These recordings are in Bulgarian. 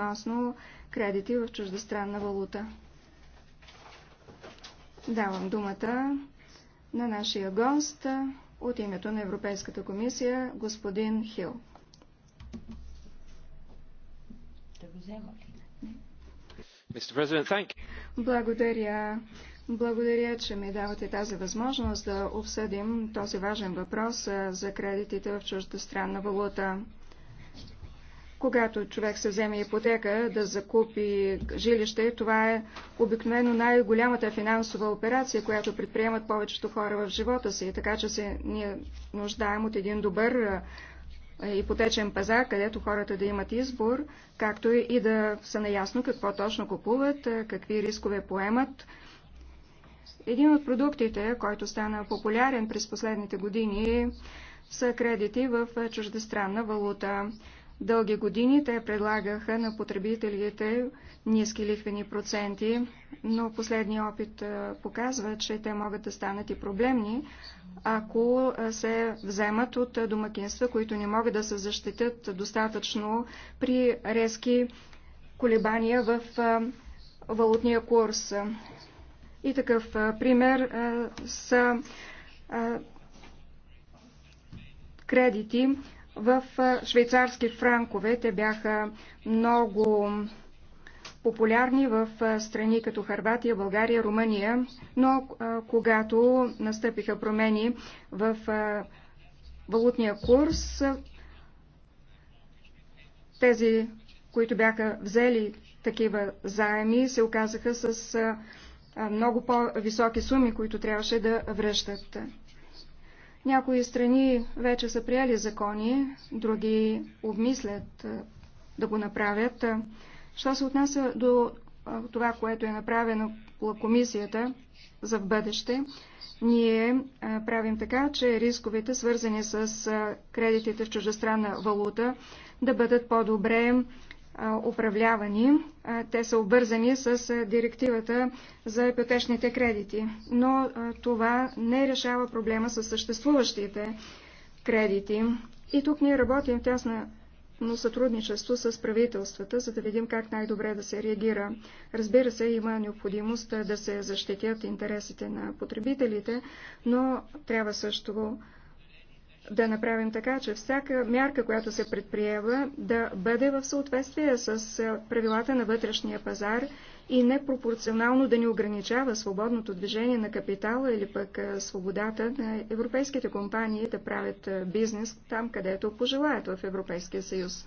относно кредити в чуждестранна валута. Давам думата на нашия гост от името на Европейската комисия, господин Хил. Да го взема благодаря. Благодаря, че ми давате тази възможност да обсъдим този важен въпрос за кредитите в чуждестранна валута. Когато човек се вземе ипотека да закупи жилище, това е обикновено най-голямата финансова операция, която предприемат повечето хора в живота си. Така че се ние нуждаем от един добър ипотечен пазар, където хората да имат избор, както и да са наясно какво точно купуват, какви рискове поемат. Един от продуктите, който стана популярен през последните години, са кредити в чуждестранна валута. Дълги години те предлагаха на потребителите ниски лихвени проценти, но последния опит показва, че те могат да станат и проблемни, ако се вземат от домакинства, които не могат да се защитят достатъчно при резки колебания в валутния курс. И такъв пример са кредити, в швейцарски франкове. Те бяха много популярни в страни като Харватия, България, Румъния, но когато настъпиха промени в валутния курс, тези, които бяха взели такива заеми, се оказаха с много по-високи суми, които трябваше да връщат. Някои страни вече са приели закони, други обмислят да го направят. Що се отнася до това, което е направено по комисията за в бъдеще, ние правим така, че рисковете, свързани с кредитите в чуждестранна валута, да бъдат по-добре управлявани. Те са обързани с директивата за ипотечните кредити. Но това не решава проблема с съществуващите кредити. И тук ние работим в тясна но сътрудничество с правителствата, за да видим как най-добре да се реагира. Разбира се, има необходимост да се защитят интересите на потребителите, но трябва също да направим така, че всяка мярка, която се предприема, да бъде в съответствие с правилата на вътрешния пазар и непропорционално да ни ограничава свободното движение на капитала или пък свободата на европейските компании да правят бизнес там, където пожелаят в Европейския съюз.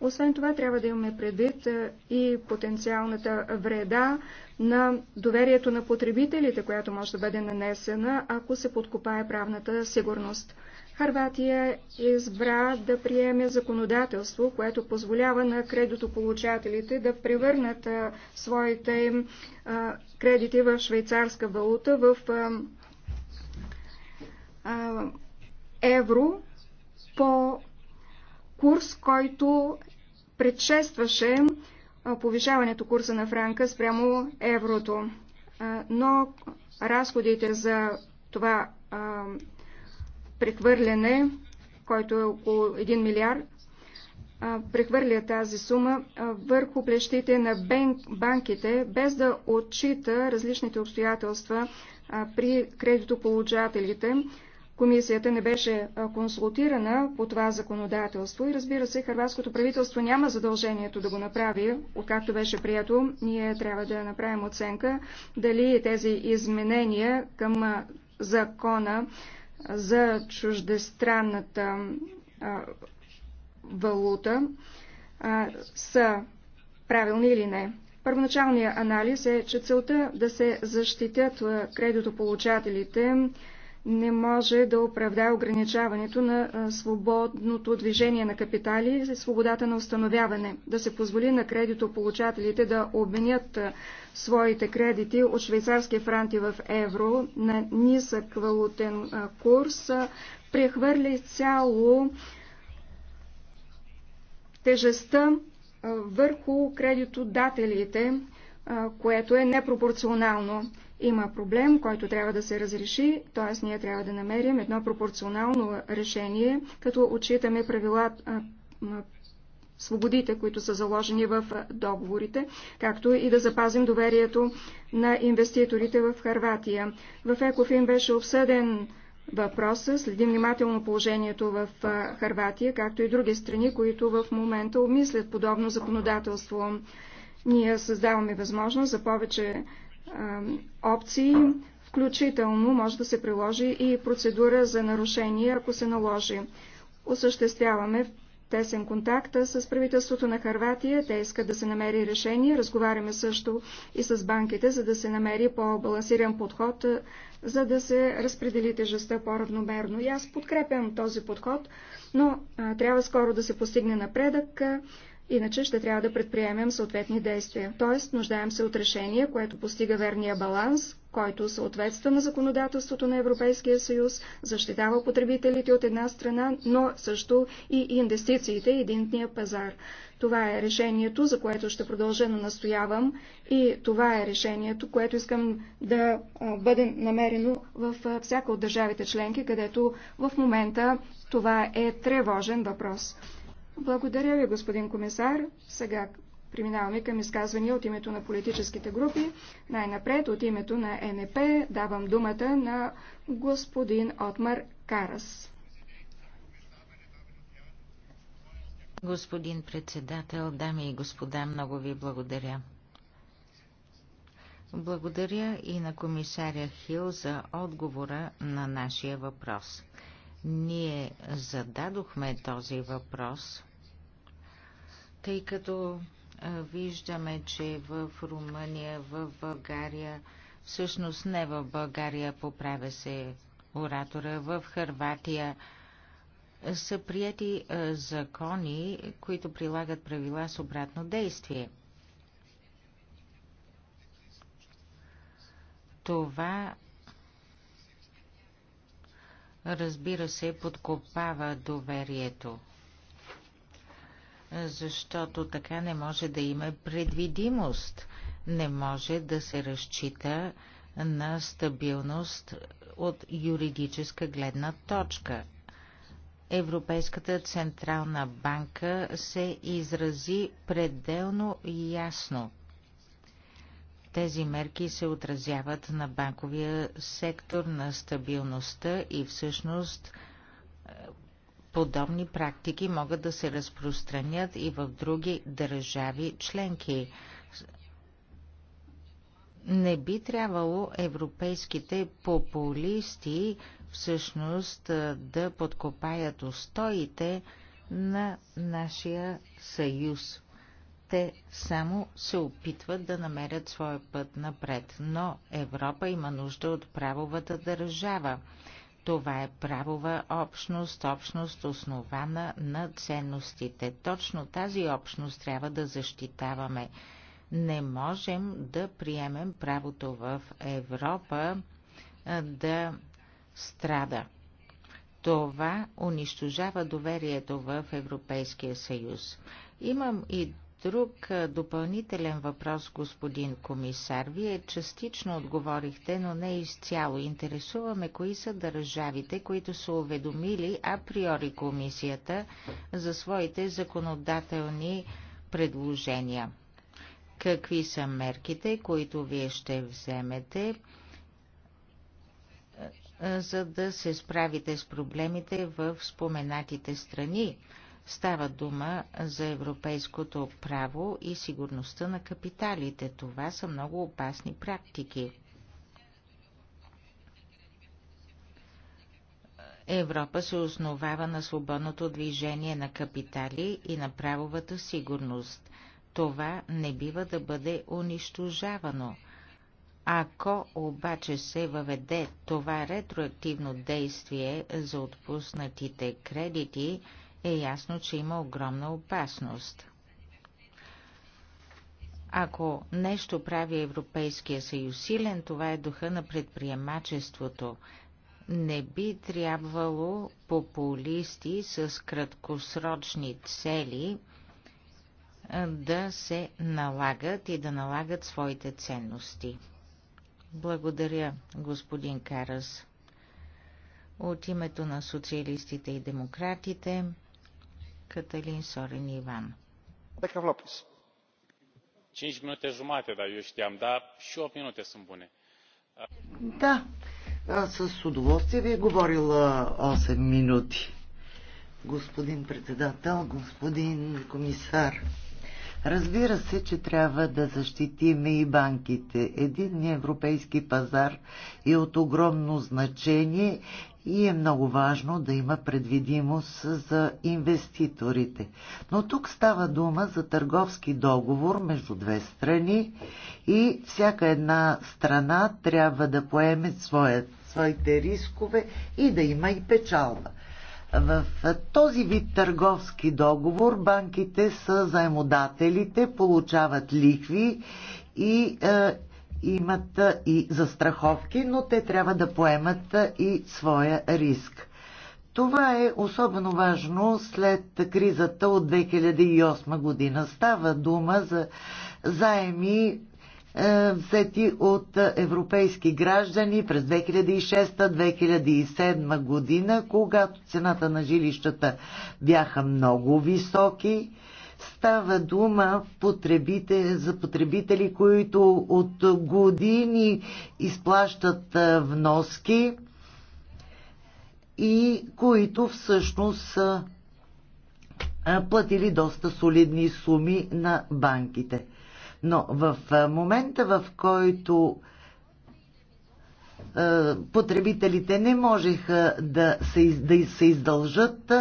Освен това, трябва да имаме предвид и потенциалната вреда на доверието на потребителите, която може да бъде нанесена, ако се подкопае правната сигурност. Харватия избра да приеме законодателство, което позволява на кредитополучателите да превърнат своите им кредити в швейцарска валута, в евро по курс, който предшестваше повишаването курса на франка спрямо еврото. Но разходите за това прехвърляне, който е около 1 милиард, прехвърля тази сума върху плещите на банките, без да отчита различните обстоятелства при кредитополучателите. Комисията не беше консултирана по това законодателство и разбира се, харватското правителство няма задължението да го направи, откакто беше прието. Ние трябва да направим оценка дали тези изменения към закона за чуждестранната валута са правилни или не. Първоначалният анализ е, че целта да се защитят кредитополучателите не може да оправдае ограничаването на свободното движение на капитали и свободата на установяване. Да се позволи на кредитополучателите да обменят своите кредити от швейцарски франти в евро на нисък валутен курс, прехвърли цяло тежестта върху кредитодателите, което е непропорционално. Има проблем, който трябва да се разреши, т.е. ние трябва да намерим едно пропорционално решение, като отчитаме правила, свободите, които са заложени в договорите, както и да запазим доверието на инвеститорите в Харватия. В Екофин беше обсъден въпроса, следим внимателно положението в Харватия, както и други страни, които в момента обмислят подобно законодателство. Ние създаваме възможност за повече опции, включително може да се приложи и процедура за нарушение, ако се наложи. Осъществяваме тесен контакт с правителството на Харватия. Те искат да се намери решение. Разговаряме също и с банките, за да се намери по-балансиран подход, за да се разпредели тежестта по-равномерно. И аз подкрепям този подход, но а, трябва скоро да се постигне напредък. Иначе ще трябва да предприемем съответни действия. Тоест, нуждаем се от решение, което постига верния баланс, който съответства на законодателството на Европейския съюз, защитава потребителите от една страна, но също и инвестициите и единния пазар. Това е решението, за което ще продължа да настоявам и това е решението, което искам да бъде намерено в всяка от държавите членки, където в момента това е тревожен въпрос. Благодаря ви, господин комисар. Сега преминаваме към изказвания от името на политическите групи. Най-напред от името на НП давам думата на господин Отмар Карас. Господин председател, дами и господа, много ви благодаря. Благодаря и на комисаря Хил за отговора на нашия въпрос. Ние зададохме този въпрос, тъй като виждаме, че в Румъния, в България, всъщност не в България, поправя се оратора, в Харватия са прияти закони, които прилагат правила с обратно действие. Това разбира се, подкопава доверието. Защото така не може да има предвидимост. Не може да се разчита на стабилност от юридическа гледна точка. Европейската централна банка се изрази пределно ясно тези мерки се отразяват на банковия сектор, на стабилността и всъщност е, подобни практики могат да се разпространят и в други държави членки. Не би трябвало европейските популисти всъщност е, да подкопаят устоите на нашия съюз те само се опитват да намерят своя път напред. Но Европа има нужда от правовата държава. Това е правова общност, общност основана на ценностите. Точно тази общност трябва да защитаваме. Не можем да приемем правото в Европа да страда. Това унищожава доверието в Европейския съюз. Имам и Друг допълнителен въпрос, господин комисар. Вие частично отговорихте, но не изцяло. Интересуваме кои са държавите, които са уведомили априори комисията за своите законодателни предложения. Какви са мерките, които вие ще вземете, за да се справите с проблемите в споменатите страни? Става дума за европейското право и сигурността на капиталите. Това са много опасни практики. Европа се основава на свободното движение на капитали и на правовата сигурност. Това не бива да бъде унищожавано. Ако обаче се въведе това ретроактивно действие за отпуснатите кредити, е ясно, че има огромна опасност. Ако нещо прави Европейския съюз силен, това е духа на предприемачеството. Не би трябвало популисти с краткосрочни цели да се налагат и да налагат своите ценности. Благодаря, господин Карас. От името на социалистите и демократите Каталин Сорин Иван. Да, аз с удоволствие ви е говорила 8 минути. Господин председател, господин комисар, разбира се, че трябва да защитиме и банките. Единният европейски пазар е от огромно значение и е много важно да има предвидимост за инвеститорите. Но тук става дума за търговски договор между две страни и всяка една страна трябва да поеме своят, своите рискове и да има и печалба. В този вид търговски договор банките са заемодателите, получават лихви и е, имат и застраховки, но те трябва да поемат и своя риск. Това е особено важно след кризата от 2008 година. Става дума за заеми е, взети от европейски граждани през 2006-2007 година, когато цената на жилищата бяха много високи Става дума потребите, за потребители, които от години изплащат вноски и които всъщност са платили доста солидни суми на банките. Но в момента, в който потребителите не можеха да се, да се издължат,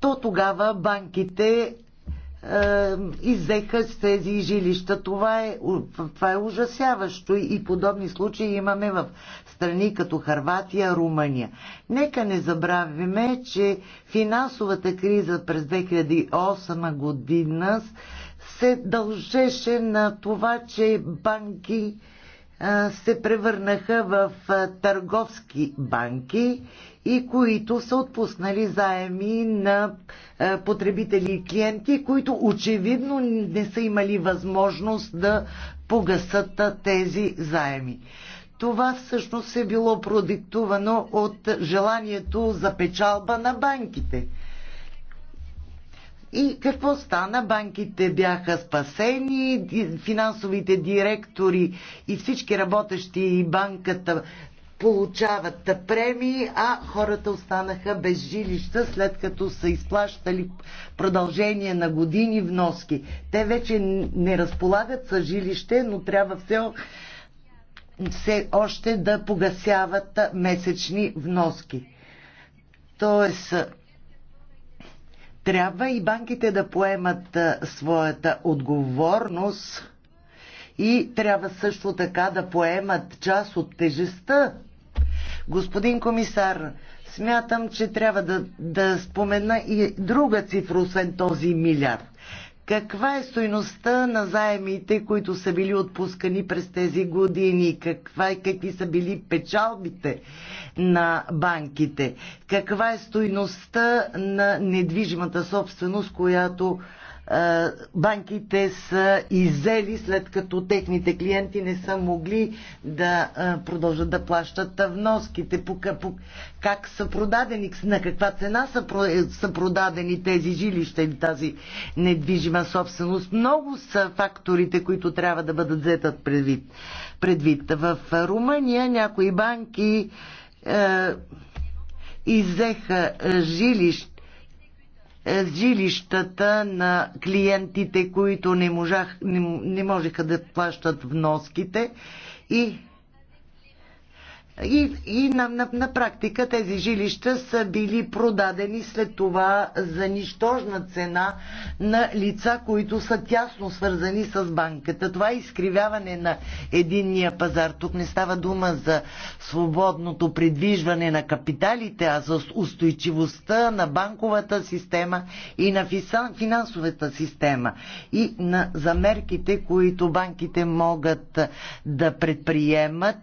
то тогава банките е, иззеха с тези жилища. Това е, това е ужасяващо и подобни случаи имаме в страни като Харватия, Румъния. Нека не забравяме, че финансовата криза през 2008 година се дължеше на това, че банки се превърнаха в търговски банки и които са отпуснали заеми на потребители и клиенти, които очевидно не са имали възможност да погасат тези заеми. Това всъщност е било продиктувано от желанието за печалба на банките. И какво стана? Банките бяха спасени, финансовите директори и всички работещи и банката получават премии, а хората останаха без жилища, след като са изплащали продължение на години вноски. Те вече не разполагат с жилище, но трябва все, все още да погасяват месечни вноски. Тоест, трябва и банките да поемат своята отговорност и трябва също така да поемат част от тежестта. Господин комисар, смятам, че трябва да, да спомена и друга цифра, освен този милиард. Каква е стойността на заемите, които са били отпускани през тези години? Каква, е, какви са били печалбите на банките? Каква е стойността на недвижимата собственост, която банките са изели след като техните клиенти не са могли да продължат да плащат вноските, как са продадени, на каква цена са, продадени тези жилища или тази недвижима собственост. Много са факторите, които трябва да бъдат взетат предвид. предвид. В Румъния някои банки е, иззеха жилища жилищата на клиентите, които не, можах, не, не можеха да плащат вноските и и, и на, на, на практика тези жилища са били продадени след това за нищожна цена на лица, които са тясно свързани с банката. Това е изкривяване на единния пазар. Тук не става дума за свободното придвижване на капиталите, а за устойчивостта на банковата система и на финансовата система и на за мерките, които банките могат да предприемат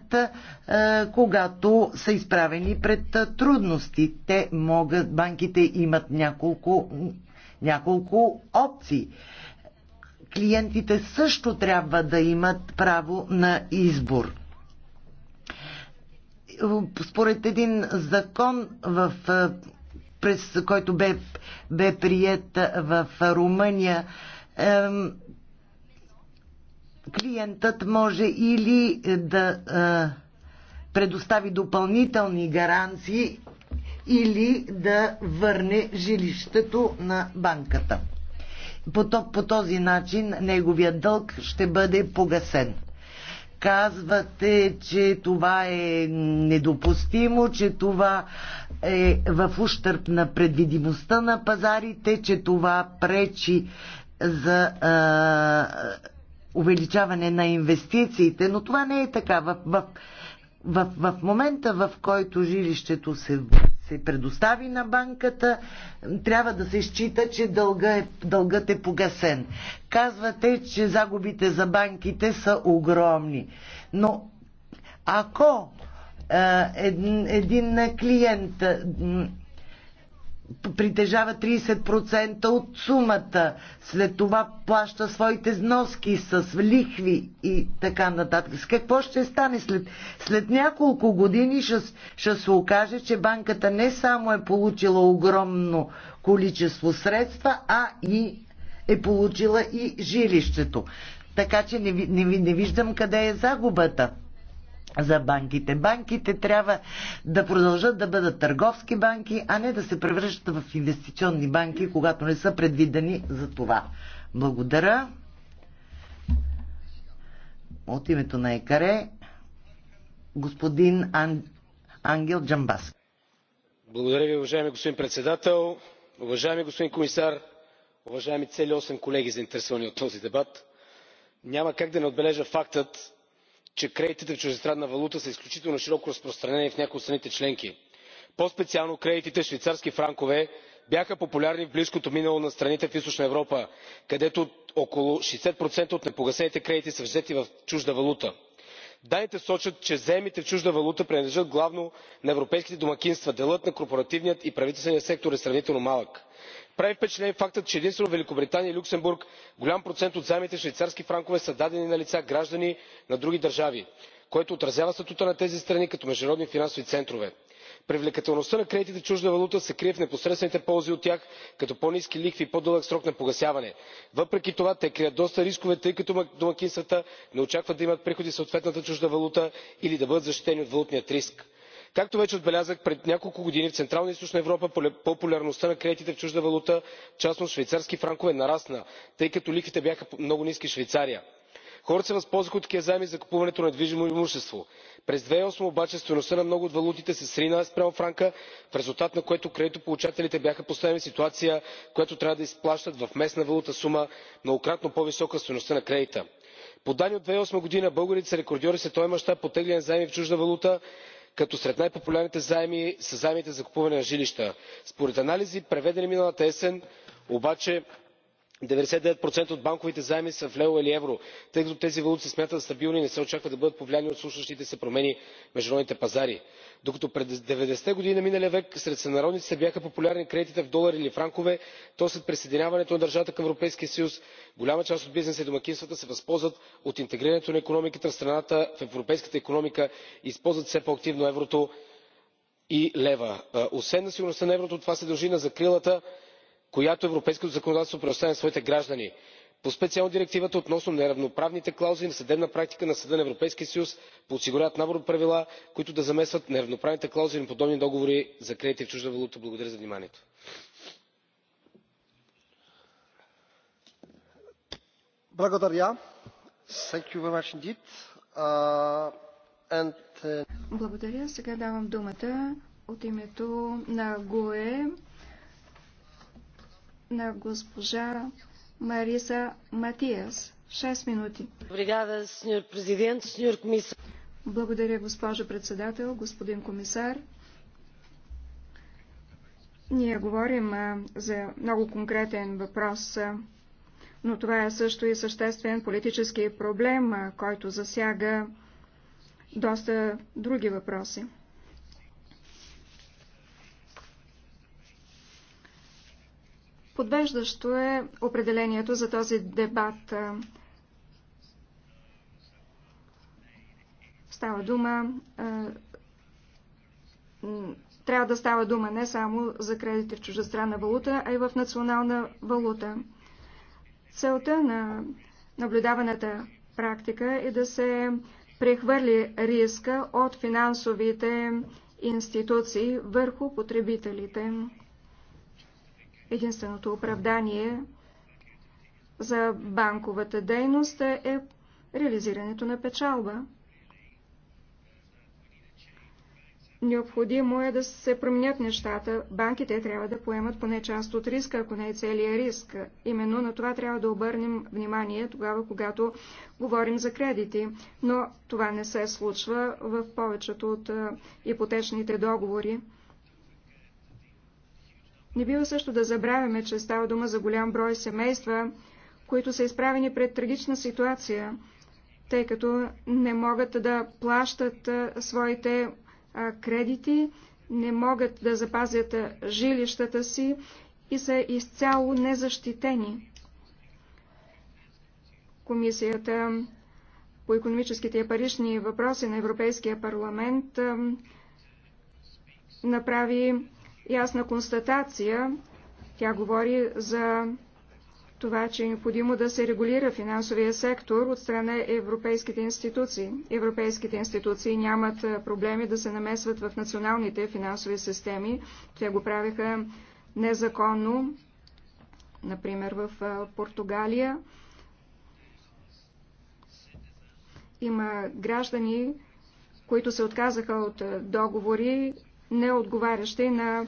когато са изправени пред трудности. Те могат, банките имат няколко, няколко опции. Клиентите също трябва да имат право на избор според един закон в през който бе, бе прият в Румъния, ем, клиентът може или да е, предостави допълнителни гаранции или да върне жилището на банката. По, по този начин неговият дълг ще бъде погасен. Казвате, че това е недопустимо, че това е в ущърп на предвидимостта на пазарите, че това пречи за а, увеличаване на инвестициите, но това не е така. В, в, в, в момента, в който жилището се, се предостави на банката, трябва да се счита, че дълга е, дългът е погасен. Казвате, че загубите за банките са огромни. Но ако е, един, един клиент притежава 30% от сумата, след това плаща своите сноски с лихви и така нататък. С какво ще стане след, след няколко години? Ще, ще се окаже, че банката не само е получила огромно количество средства, а и е получила и жилището. Така че не, не, не виждам къде е загубата за банките. Банките трябва да продължат да бъдат търговски банки, а не да се превръщат в инвестиционни банки, когато не са предвидени за това. Благодаря. От името на ЕКАРЕ господин Ан... Ангел Джамбас. Благодаря ви, уважаеми господин председател, уважаеми господин комисар, уважаеми цели 8 колеги заинтересовани от този дебат. Няма как да не отбележа фактът, че кредитите в чуждестранна валута са изключително широко разпространени в някои от страните членки. по специално кредитите в швейцарски франкове бяха популярни в близкото минало на страните в източна европа където около 60% от непогасените кредити са взети в чужда валута. данните сочат че заемите в чужда валута принадлежат главно на европейските домакинства. делът на корпоративния и правителствения сектор е сравнително малък прави впечатление фактът че единствено във великобритания и люксембург голям процент от заемите в швейцарски франкове са дадени на лица граждани на други държави което отразява статута на тези страни като международни финансови центрове. привлекателността на кредитите в чужда валута се крие в непосредствените ползи от тях като по ниски лихви и по дълъг срок на погасяване. въпреки това те крият доста рискове тъй като домакинствата не очакват да имат приходи в съответната чужда валута или да бъдат защитени от валутния риск както вече отбелязах преди няколко години в централна и източна европа популярността на кредитите в чужда валута в частност швейцарски франкове нарасна тъй като лихвите бяха много ниски в швейцария. хората се възползваха от такива заеми за купуването на недвижимо имущество. през две хиляди и обаче стойността на много от валутите се срина спрямо франка в резултат на което кредитополучателите бяха поставени в ситуация в която трябва да изплащат в местна валута сума многократно по висока от стойността на кредита. по данни от две хиляди и г. българите са рекордьори в световен мащаб по теглене на заеми в чужда валута като сред най популярните заеми са заемите за купуване на жилища. според анализи преведени миналата есен обаче деветдесет и девет от банковите заеми са в левове или евро. тъй като тези валути се смятат за стабилни и не се очаква да бъдат повлияни от случващите се промени в международните пазари. докато през 90-те години на миналия век сред сънародниците бяха популярни кредитите в долари или франкове то след присъединяването на държавата към европейския съюз голяма част от бизнеса и домакинствата се възползват от интегрирането на икономиката на страната в европейската икономика и използват все по активно еврото и лева. освен на сигурността на еврото това се дължи на закрилата която европейското законодателство предоставя на своите граждани по специално директивата относно неравноправните клаузи на съдебна практика на съда на европейския съюз да осигуряването набор от правила които да заместват неравноправните клаузи на подобни договори за кредити в чужда валута. благодаря за вниманието. благодаря. Uh, uh, сега давам думата от името на gue на госпожа Мариса Матиас. 6 минути. Бригада, сеньор президент, сеньор комисар. Благодаря, госпожо председател, господин комисар. Ние говорим за много конкретен въпрос, но това е също и съществен политически проблем, който засяга доста други въпроси. Подвеждащо е определението за този дебат. Става дума. Трябва да става дума не само за кредити в чуждестранна валута, а и в национална валута. Целта на наблюдаваната практика е да се прехвърли риска от финансовите институции върху потребителите. Единственото оправдание за банковата дейност е реализирането на печалба. Необходимо е да се променят нещата. Банките трябва да поемат поне част от риска, ако не е целият риск. Именно на това трябва да обърнем внимание тогава, когато говорим за кредити. Но това не се случва в повечето от ипотечните договори. Не бива също да забравяме, че става дума за голям брой семейства, които са изправени пред трагична ситуация, тъй като не могат да плащат своите кредити, не могат да запазят жилищата си и са изцяло незащитени. Комисията по економическите и парични въпроси на Европейския парламент направи ясна констатация. Тя говори за това, че е необходимо да се регулира финансовия сектор от страна европейските институции. Европейските институции нямат проблеми да се намесват в националните финансови системи. Те го правиха незаконно, например в Португалия. Има граждани, които се отказаха от договори не отговарящи на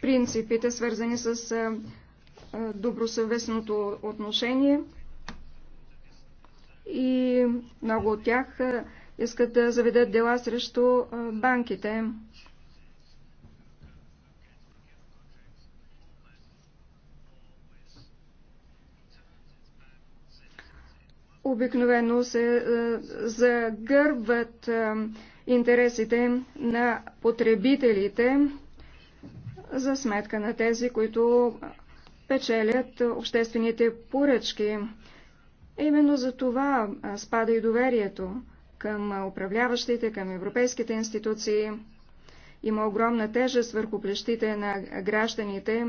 принципите, свързани с добросъвестното отношение. И много от тях искат да заведат дела срещу банките. Обикновено се загърбват интересите на потребителите за сметка на тези, които печелят обществените поръчки. Именно за това спада и доверието към управляващите, към европейските институции. Има огромна тежест върху плещите на гражданите.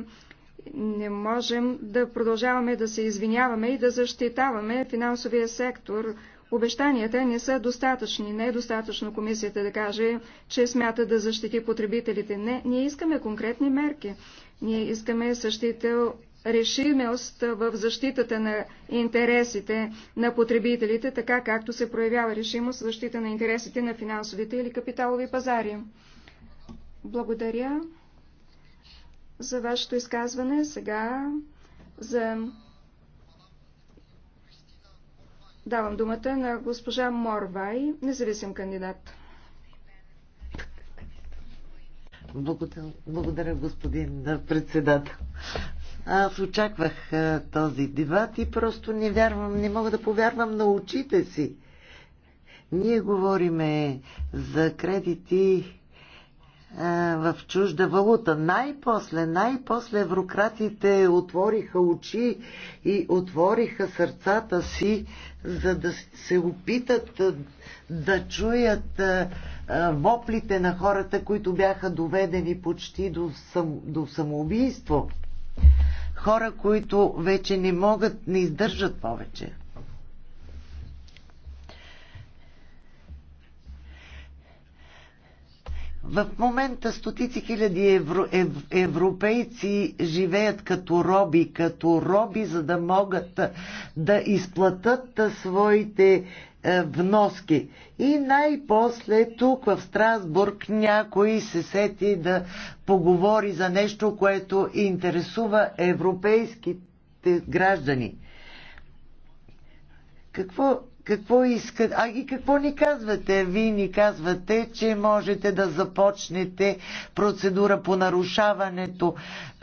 Не можем да продължаваме да се извиняваме и да защитаваме финансовия сектор Обещанията не са достатъчни. Не е достатъчно комисията да каже, че смята да защити потребителите. Не, ние искаме конкретни мерки. Ние искаме същите решимост в защитата на интересите на потребителите, така както се проявява решимост в защита на интересите на финансовите или капиталови пазари. Благодаря за вашето изказване. Сега за Давам думата на госпожа Морвай, независим кандидат. Благодаря, благодаря господин председател. Аз очаквах а, този дебат и просто не вярвам, не мога да повярвам на очите си. Ние говориме за кредити в чужда валута. Най-после, най-после еврократите отвориха очи и отвориха сърцата си, за да се опитат да чуят воплите на хората, които бяха доведени почти до, сам, до самоубийство. Хора, които вече не могат, не издържат повече. В момента стотици хиляди евро, ев, европейци живеят като роби, като роби, за да могат да изплатат своите е, вноски. И най-после тук в Страсбург някой се сети да поговори за нещо, което интересува европейските граждани. Какво какво искат, а и какво ни казвате? Вие ни казвате, че можете да започнете процедура по нарушаването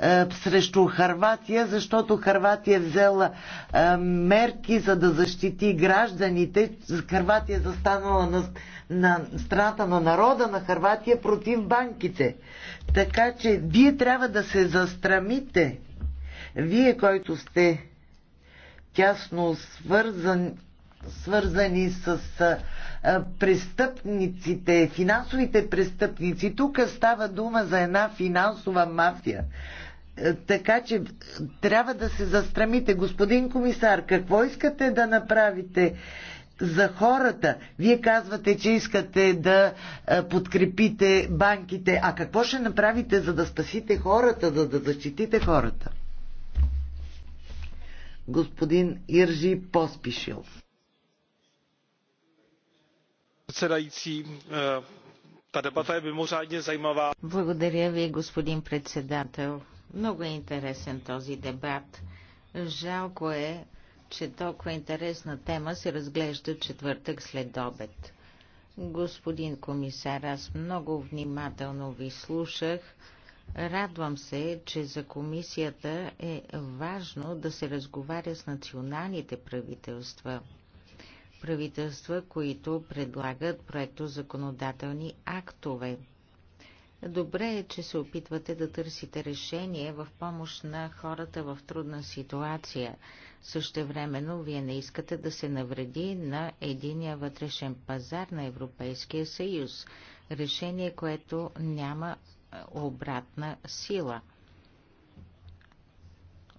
е, срещу Харватия, защото Харватия е взела е, мерки за да защити гражданите. Харватия е застанала на, на страната на народа на Харватия против банките. Така че вие трябва да се застрамите. Вие, който сте тясно свързан свързани с престъпниците, финансовите престъпници. Тук става дума за една финансова мафия. Е, така че е, трябва да се застрамите. Господин комисар, какво искате да направите за хората? Вие казвате, че искате да е, подкрепите банките. А какво ще направите, за да спасите хората, за да защитите хората? Господин Иржи Поспишил předsedající eh, ta debata je mimořádně zajímavá. Благодаря ви, господин председател. Много е интересен този дебат. Жалко е, че толкова интересна тема се разглежда четвъртък след обед. Господин комисар, аз много внимателно ви слушах. Радвам се, че за комисията е важно да се разговаря с националните правителства – правителства, които предлагат проекто законодателни актове. Добре е, че се опитвате да търсите решение в помощ на хората в трудна ситуация. Същевременно вие не искате да се навреди на единия вътрешен пазар на Европейския съюз. Решение, което няма е, обратна сила –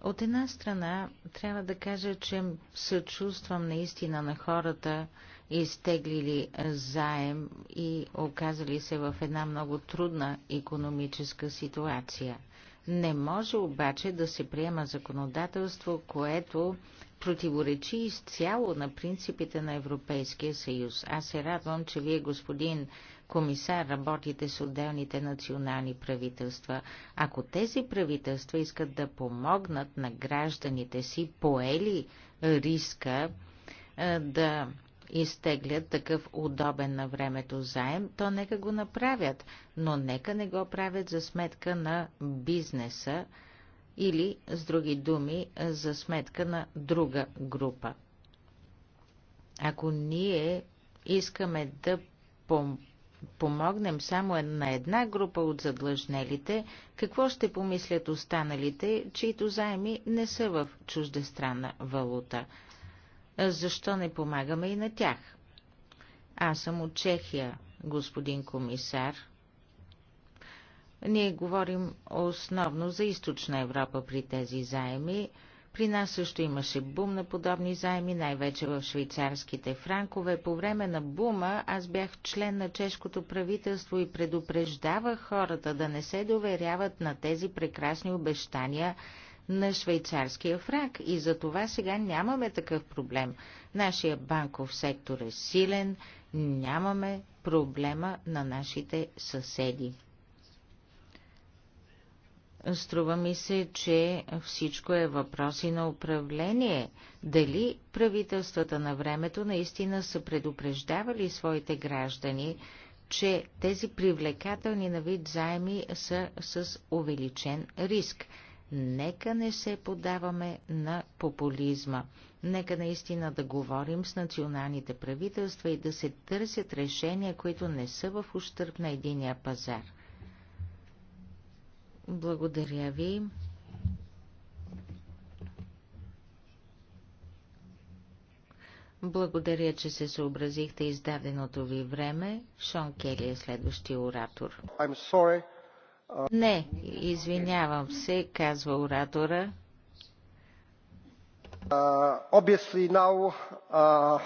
от една страна, трябва да кажа, че съчувствам наистина на хората, изтеглили заем и оказали се в една много трудна економическа ситуация. Не може обаче да се приема законодателство, което противоречи изцяло на принципите на Европейския съюз. Аз се радвам, че вие, господин комисар, работите с отделните национални правителства. Ако тези правителства искат да помогнат на гражданите си, поели риска е, да изтеглят такъв удобен на времето заем, то нека го направят, но нека не го правят за сметка на бизнеса или, с други думи, за сметка на друга група. Ако ние искаме да помогнем само на една група от задлъжнелите, какво ще помислят останалите, чието заеми не са в чуждестранна валута? Защо не помагаме и на тях? Аз съм от Чехия, господин комисар. Ние говорим основно за източна Европа при тези заеми. При нас също имаше бум на подобни заеми, най-вече в швейцарските франкове. По време на бума аз бях член на чешкото правителство и предупреждавах хората да не се доверяват на тези прекрасни обещания на швейцарския франк и за това сега нямаме такъв проблем. Нашия банков сектор е силен, нямаме проблема на нашите съседи. Струва ми се, че всичко е въпроси на управление. Дали правителствата на времето наистина са предупреждавали своите граждани, че тези привлекателни на вид заеми са с увеличен риск. Нека не се подаваме на популизма. Нека наистина да говорим с националните правителства и да се търсят решения, които не са в ущърп на единия пазар. Благодаря ви. Благодаря, че се съобразихте издаденото ви време. Шон Кели е следващия оратор. I'm sorry. Uh... Не, извинявам се, казва оратора. Uh, obviously now, uh,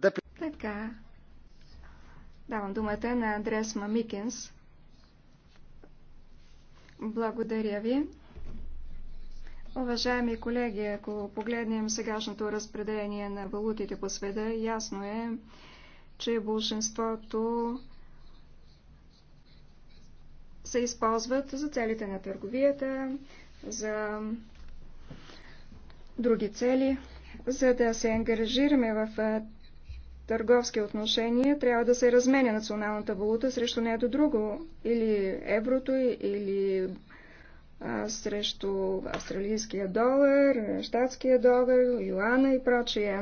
the... Така. Давам думата на Андрес Мамикенс. Благодаря ви. Уважаеми колеги, ако погледнем сегашното разпределение на валутите по света, ясно е, че большинството се използват за целите на търговията, за други цели. За да се ангажираме в търговски отношения трябва да се разменя националната валута срещу нещо друго, или еврото, или а, срещу австралийския долар, щатския долар, юана и прочие.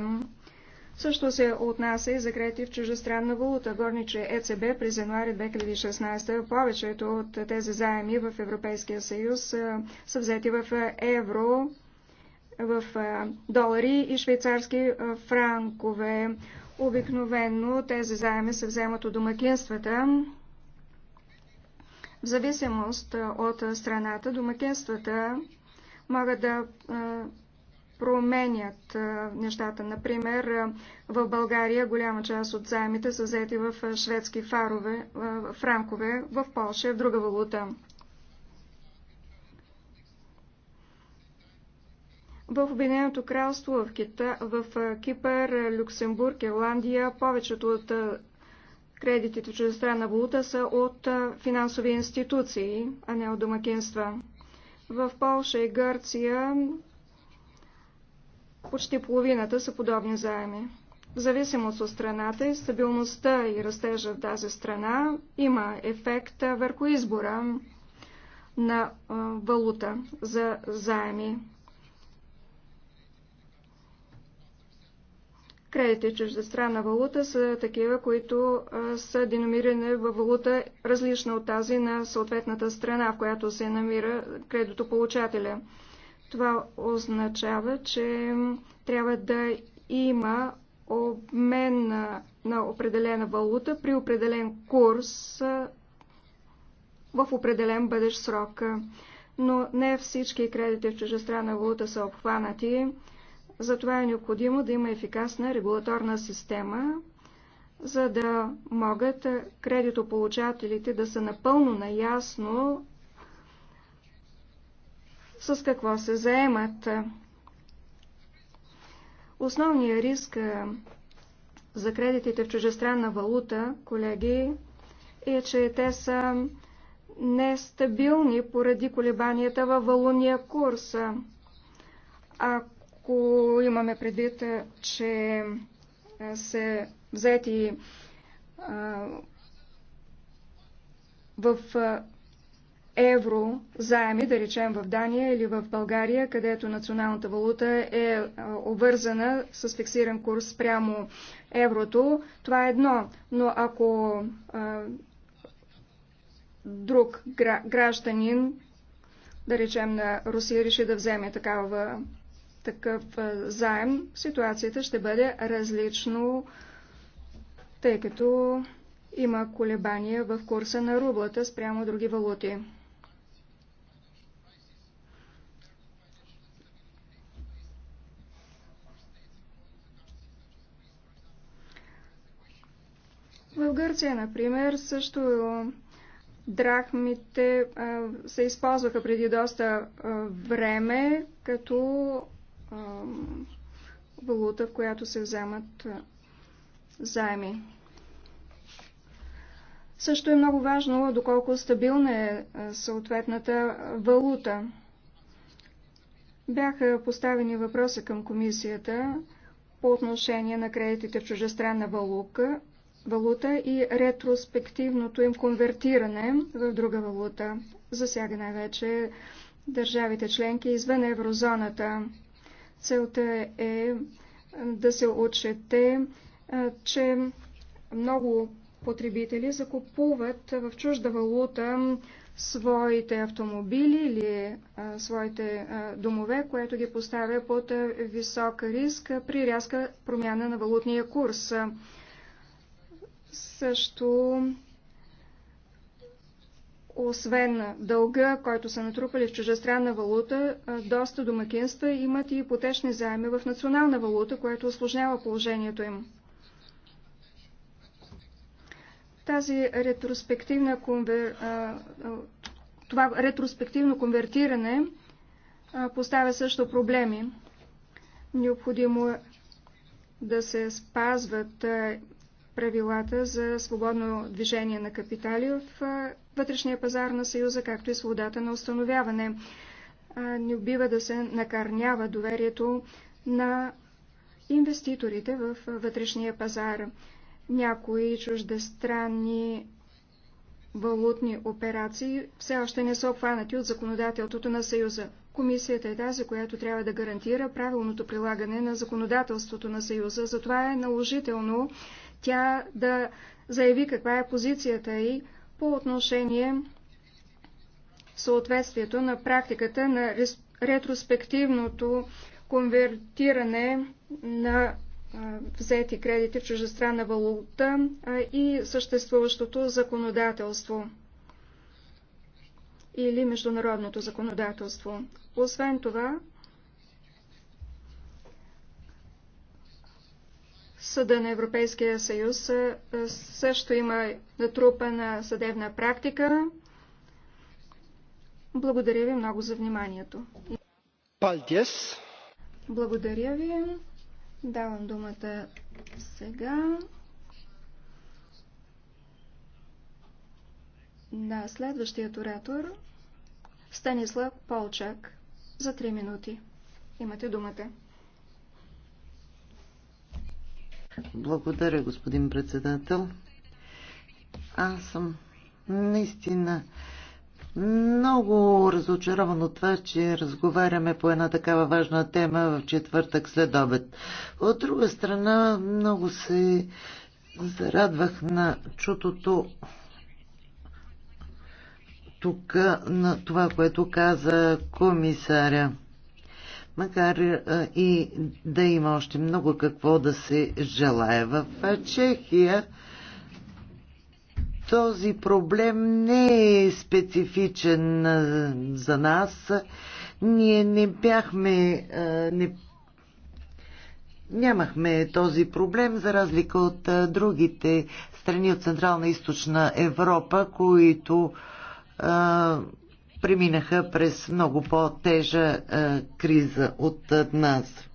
Също се отнася и за кредити в чужестранна валута. Горниче ЕЦБ през януари 2016 повечето от тези заеми в Европейския съюз а, са взети в евро, в долари и швейцарски франкове. Обикновено тези заеми се вземат от домакинствата. В зависимост от страната, домакинствата могат да променят нещата. Например, в България голяма част от заемите са взети в шведски фарове, франкове, в Польша в друга валута. В Обединеното кралство, в, Кита, в Кипър, Люксембург, Ирландия, повечето от кредитите чрез странна валута са от финансови институции, а не от домакинства. В Полша и Гърция почти половината са подобни заеми. В зависимост от страната и стабилността и растежа в тази страна има ефект върху избора на валута за заеми. Кредити страна валута са такива, които са деномирани в валута различна от тази на съответната страна, в която се намира кредитополучателя. Това означава, че трябва да има обмен на, на определена валута при определен курс в определен бъдещ срок. Но не всички кредити в чужестранна валута са обхванати. Затова е необходимо да има ефикасна регулаторна система, за да могат кредитополучателите да са напълно наясно с какво се заемат. Основният риск е, за кредитите в чужестранна валута, колеги, е, че те са нестабилни поради колебанията във валуния курс. Ако ако имаме предвид, че се взети в евро заеми, да речем в Дания или в България, където националната валута е обвързана с фиксиран курс прямо еврото, това е едно. Но ако друг гражданин, да речем на Русия, реши да вземе такава такъв заем, ситуацията ще бъде различно, тъй като има колебания в курса на рублата спрямо други валути. В Гърция, например, също драхмите се използваха преди доста време като валута, в която се вземат заеми. Също е много важно доколко стабилна е съответната валута. Бяха поставени въпроса към комисията по отношение на кредитите в чужестранна валука, валута и ретроспективното им конвертиране в друга валута. Засяга най-вече държавите членки извън еврозоната. Целта е, е да се отчете, е, че много потребители закупуват в чужда валута своите автомобили или а, е, своите а, домове, което ги поставя под а, висок риск а, при рязка промяна на валутния курс. А, също освен дълга, който са натрупали в чужестранна валута, доста домакинства имат и ипотечни заеми в национална валута, което осложнява положението им. Тази ретроспективна конвер... Това ретроспективно конвертиране поставя също проблеми. Необходимо е да се спазват правилата за свободно движение на капитали в вътрешния пазар на Съюза, както и свободата на установяване. Не убива да се накарнява доверието на инвеститорите в вътрешния пазар. Някои чуждестранни валутни операции все още не са обхванати от законодателството на Съюза. Комисията е тази, която трябва да гарантира правилното прилагане на законодателството на Съюза. Затова е наложително тя да заяви каква е позицията и по отношение съответствието на практиката на ретроспективното конвертиране на взети кредити в чужестранна валута и съществуващото законодателство или международното законодателство. Освен това, Съда на Европейския съюз също има натрупана съдебна практика. Благодаря ви много за вниманието. Палтес. Благодаря ви. Давам думата сега. на следващият оратор Станислав Полчак за 3 минути. Имате думата. Благодаря, господин председател. Аз съм наистина много разочарован от това, че разговаряме по една такава важна тема в четвъртък след обед. От друга страна, много се зарадвах на чутото тук на това, което каза комисаря макар е, и да има още много какво да се желая. В Чехия този проблем не е специфичен е, за нас. Ние не бяхме, е, не, нямахме този проблем, за разлика от другите страни от Централна и Източна Европа, които преминаха през много по-тежа криза от нас.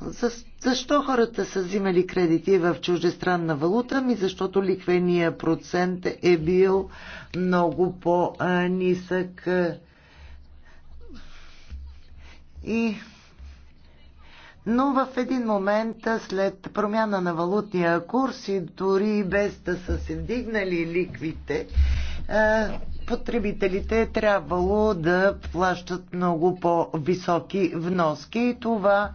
За, защо хората са взимали кредити в чуждестранна валута? Ми защото ликвения процент е бил много по-нисък. И но в един момент след промяна на валутния курс и дори без да са се вдигнали ликвите, потребителите е трябвало да плащат много по-високи вноски и това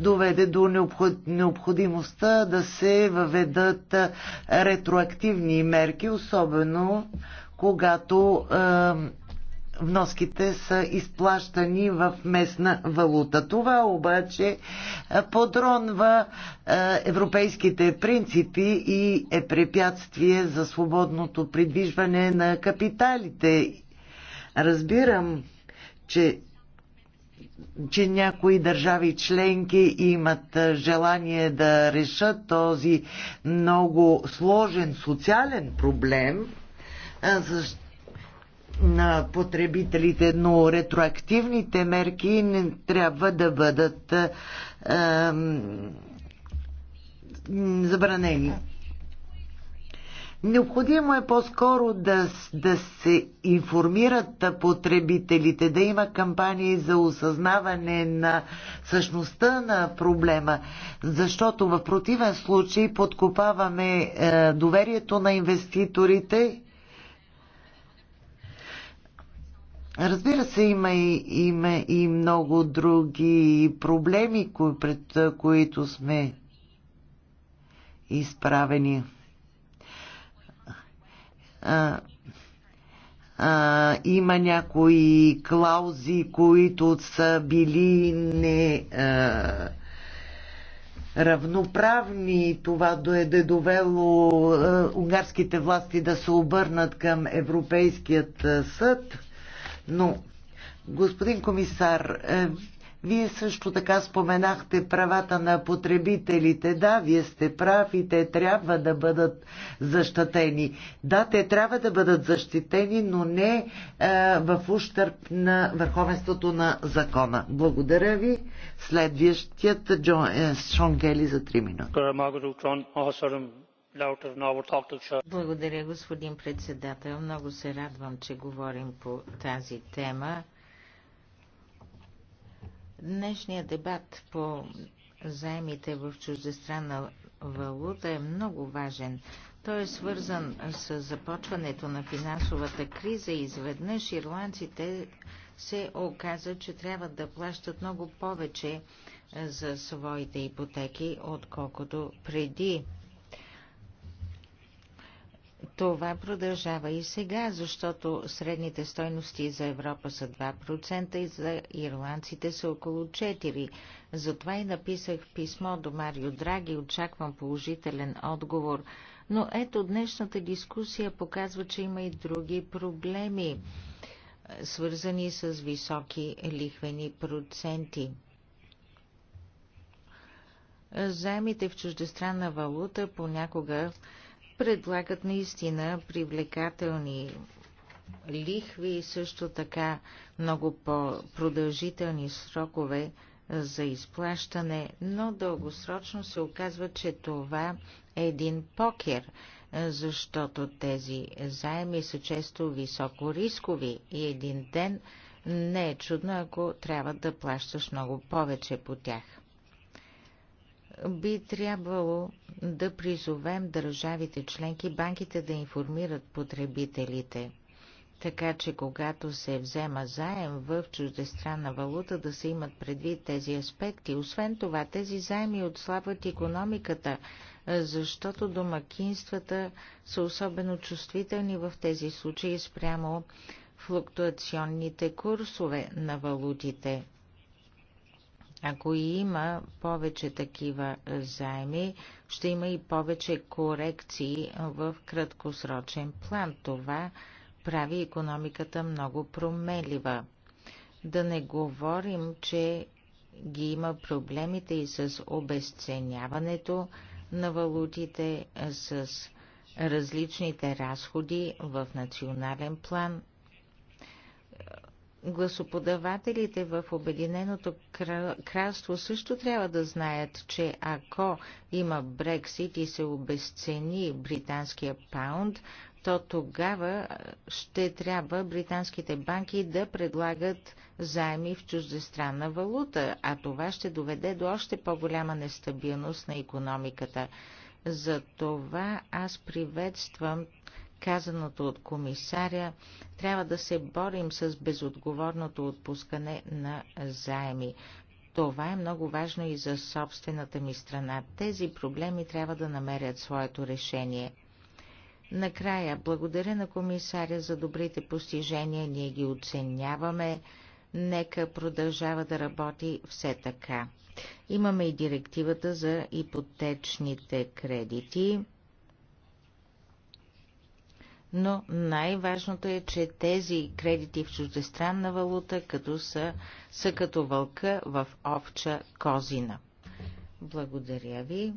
доведе до необходимостта да се въведат ретроактивни мерки, особено когато вноските са изплащани в местна валута. Това обаче е, подронва е, европейските принципи и е препятствие за свободното придвижване на капиталите. Разбирам, че че някои държави членки имат е, желание да решат този много сложен социален проблем, на потребителите, но ретроактивните мерки не трябва да бъдат е, забранени. Необходимо е по-скоро да, да се информират потребителите, да има кампании за осъзнаване на същността на проблема, защото в противен случай подкопаваме е, доверието на инвеститорите Разбира се, има и, има и много други проблеми, кои, пред които сме изправени. А, а, има някои клаузи, които са били не. А, равноправни, това до е, е довело а, унгарските власти да се обърнат към Европейският съд. Но, господин комисар, е, вие също така споменахте правата на потребителите. Да, вие сте прав и те трябва да бъдат защитени. Да, те трябва да бъдат защитени, но не е, в ущърп на върховенството на закона. Благодаря ви. Следващият Джон, е, Шон Гели за 3 минути. Благодаря, господин председател. Много се радвам, че говорим по тази тема. Днешният дебат по заемите в чуждестранна валута е много важен. Той е свързан с започването на финансовата криза. Изведнъж ирландците се оказа, че трябва да плащат много повече за своите ипотеки, отколкото преди. Това продължава и сега, защото средните стойности за Европа са 2% и за ирландците са около 4%. Затова и написах писмо до Марио Драги, очаквам положителен отговор. Но ето днешната дискусия показва, че има и други проблеми, свързани с високи лихвени проценти. Заемите в чуждестранна валута понякога предлагат наистина привлекателни лихви и също така много по-продължителни срокове за изплащане, но дългосрочно се оказва, че това е един покер, защото тези заеми са често високо рискови и един ден не е чудно, ако трябва да плащаш много повече по тях би трябвало да призовем държавите членки банките да информират потребителите, така че когато се взема заем в чуждестранна валута да се имат предвид тези аспекти. Освен това, тези заеми отслабват економиката, защото домакинствата са особено чувствителни в тези случаи спрямо флуктуационните курсове на валутите – ако има повече такива заеми, ще има и повече корекции в краткосрочен план. Това прави економиката много промелива. Да не говорим, че ги има проблемите и с обесценяването на валутите, с различните разходи в национален план. Гласоподавателите в Обединеното кралство също трябва да знаят, че ако има Брексит и се обесцени британския паунд, то тогава ще трябва британските банки да предлагат заеми в чуждестранна валута, а това ще доведе до още по-голяма нестабилност на економиката. Затова аз приветствам казаното от комисаря, трябва да се борим с безотговорното отпускане на заеми. Това е много важно и за собствената ми страна. Тези проблеми трябва да намерят своето решение. Накрая, благодаря на комисаря за добрите постижения, ние ги оценяваме. Нека продължава да работи все така. Имаме и директивата за ипотечните кредити но най-важното е, че тези кредити в чуждестранна валута като са, са като вълка в овча козина. Благодаря ви.